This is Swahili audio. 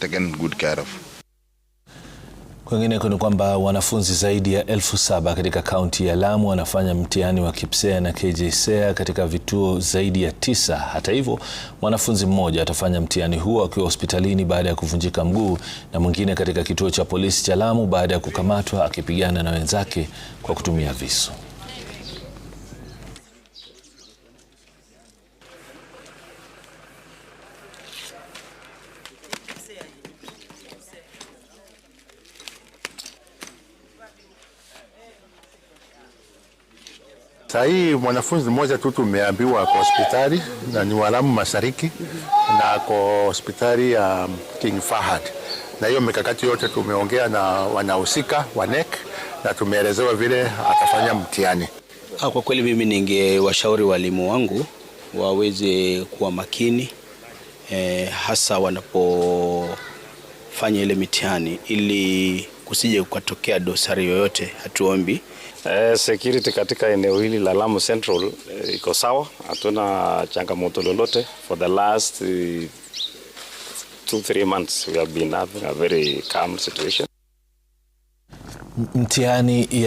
taken good care of. Kwingineko ni kwamba wanafunzi zaidi ya elfu saba katika kaunti ya Lamu wanafanya mtihani wa KPSEA na KJSEA katika vituo zaidi ya tisa. Hata hivyo, mwanafunzi mmoja atafanya mtihani huo akiwa hospitalini baada ya kuvunjika mguu na mwingine katika kituo cha polisi cha Lamu baada ya kukamatwa akipigana na wenzake kwa kutumia visu. Saa hii mwanafunzi mmoja tu tumeambiwa ako hospitali na ni walamu mashariki na ako hospitali ya um, King Fahad, na hiyo mikakati yote tumeongea na wanahusika wa NEC na tumeelezewa vile atafanya mtihani. Ah, kwa kweli mimi ningewashauri walimu wangu waweze kuwa makini eh, hasa wanapofanya ile mitihani ili kusije kukatokea dosari yoyote, hatuombi eh. Security katika eneo hili la Lamu Central eh, iko sawa, hatuna changamoto lolote. For the last eh, two three months we have been having a very calm situation. Mtihani